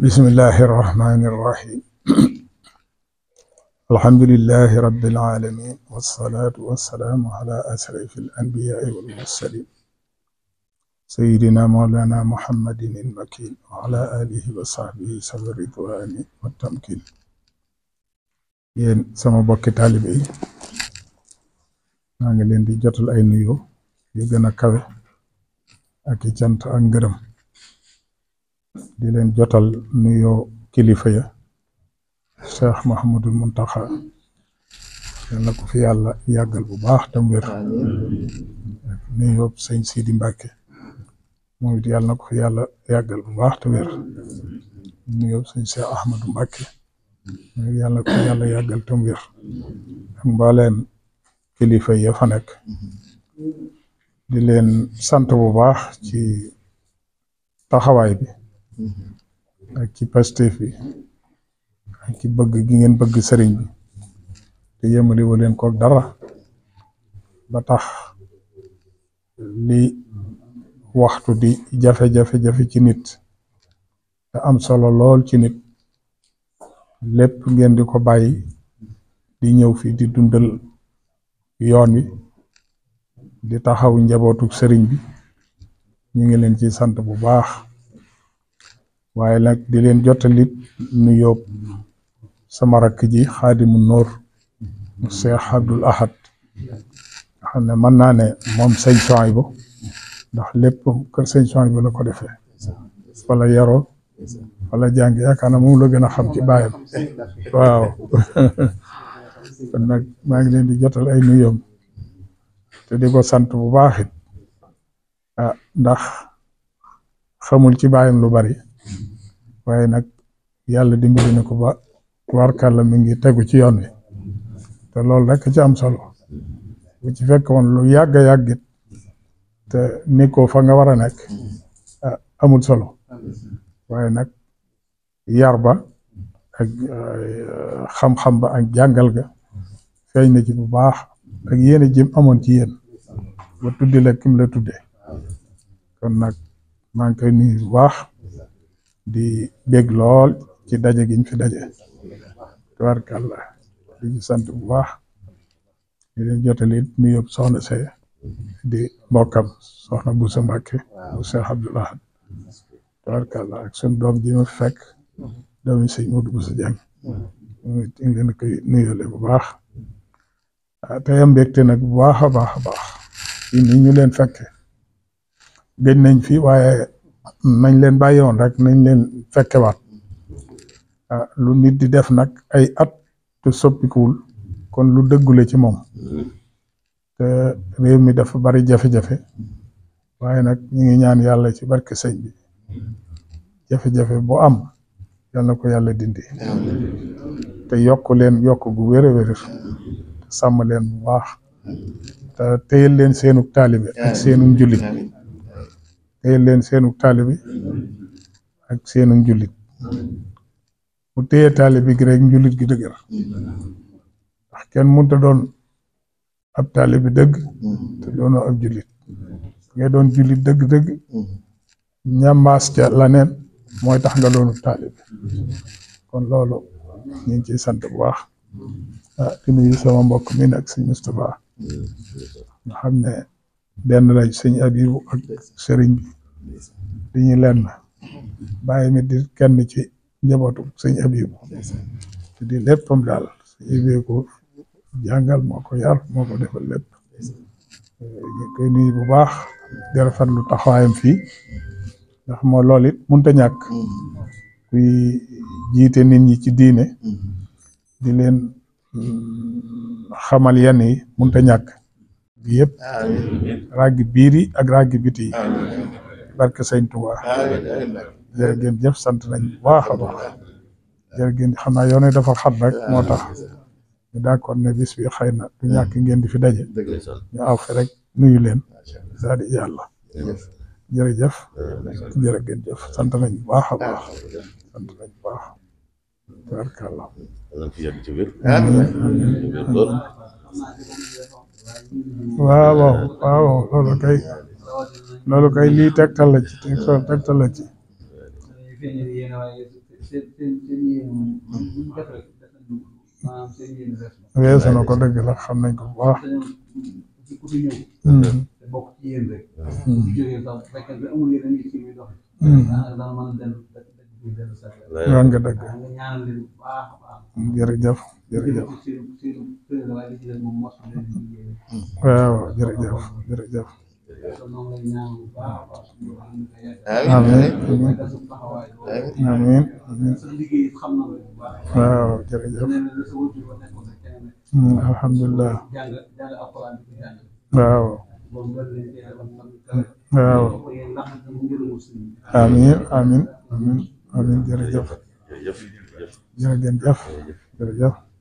bismillahi irrahmani irrahim alhamdulilahi rabbil alamin wassalaatu wassalaamu ala asrafi alanbiyaai walmursalin sayidina mawlana muhammadin ilmakin wa ala alihi wa sahbihi sabi ridwani wattamkin yéen sama bokki taalibe yi maa ngi leen di jotal ay nuyoo yu gën a kawe ak i cant ak ngërëm di leen jotal nuyoo kilifa ya Cheikh Mouhamadul Mountakha yal na fi yàlla yàggal bu baax tam wér nuyoo sëñ Sidi Mbacke moom it yal na ko fi yàlla yàggal bu baax te wér nuyoo sëñ Cheikh Ahmadou Mbacke moom yal fi yàlla yàggal tam wér ak kilifa ya fa nekk di leen sant bu baax ci taxawaay bi. ak ci Pastef bi ak ci bëgg gi ngeen bëgg sëriñ bi te yemale wu leen kook dara ba tax li waxtu di jafe-jafe jafe ci nit te am solo lool ci nit lépp ngeen di ko bàyyi di ñëw fii di dundal yoon wi di taxaw njabootu sëriñ bi ñu ngi leen ci sant bu baax. waaye nag di leen jottalit nu yóbbu sama rakk ji xaadimu noor Cheikh Abdoul Ahad nga xam ne mën naa ne moom sëñ Souhaïbou ndax lépp kër sëñ Souhaïbou la ko defee wala yaroo wala jàng yaakaar naa moom la gën a xam ci bàyyam waaw nag maa ngi leen di jotal ay nuyoom te di ko sant bu baax ah, ndax xamul ci bàyyam lu bari waaye nag yàlla dimbali na ko ba warkàlla mi ngi tegu ci yoon wi te loolu rek ci am solo bu ci fekkoon lu yàgg a yàgg te nekkoo fa nga war a nekk ah, amul solo waaye nag yar ba ak eh, xam-xam ba ak jàngal ga feeñ na ci bu baax ak yéen a jëm amoon ci yéen ba tuddi la kim la tudde kon nag maa ngi koy bu baax di bég lool ci daje giñ fi daje tabarkàlla di sant bu baax di leen jotali nuyoo soxna se di mbokkam soxna Bousso Mbacke bu Cheikh Abdoulaye tabarkàlla ak sunu doom ji ma fekk doomi sëñ Modou Bousso Dieng ñu ngi leen koy bu baax ah, te am mbégte nag bu baax a baax a leen fekke gëj nañ fi waaye nañ leen bàyyi woon rek nañ leen fekkewaat ah, lu nit di def nag ay at te soppikuwul kon lu dëggule ci moom te réew mi dafa bari jafe-jafe waaye nag ñu ngi ñaan yàlla ci barke sëñ bi jafe-jafe bu am yal na ko yàlla dindi te yokk leen yokk gu wér a wér sàmm leen bu baax te téyel leen seenu taalibe ak seenu njulli téyel leen seenu taalibi ak seenu njulit mu téye taalibi gi rek njullit gi dëgër ndax kenn mënta doon ab taalibi dëgg te doonoo ab jullit nga doon jullit dëgg-dëgg ñambaas ca la mooy tax nga doonu taalibi kon loolu ñu ngi ciy sant bu baax ah di nuyu sama mbokk mi ak si Moustapha nga xam ne benn laaj sëñ Abibu ak sëriñ bi di ñu lenn mi di kenn ci njabootu sëñ Abibu te di léppam daal sëñ Abibu moo ko yar moo ko defal lépp ñu koy nuyu bu baax di rafetlu taxawaayam fi ndax moo loolit it mënta ñàkk kuy jiite nit ñi ci diine di leen xamal yenn yi mënta ñàkk bi yëpp ràgg biir yi ak ràgg biti yi barke sëñ Tuubaa jërë ngeen sant nañ bu baax a baax jërë xam naa yoon dafa xat rek moo tax ñu d'accord ne bis bi xëy na du ñàkk ngeen di fi daje ñu aw fi rek nuyu leen daal di yàlla jërëjëf jërë ngeen jëf nañ bu baax a baax nañ bu baax barkalla waaw waaw waaw loolu kay loolu kay lii tegtal la ci tegtal la ci weesu na ko dëgg la xam nañ ko jërëjëf waaw jërëjëf jërëjëf amiin amiin waaw alhamdulilah waaw waaw amiin amiin amiin jërëjëf jërëjëf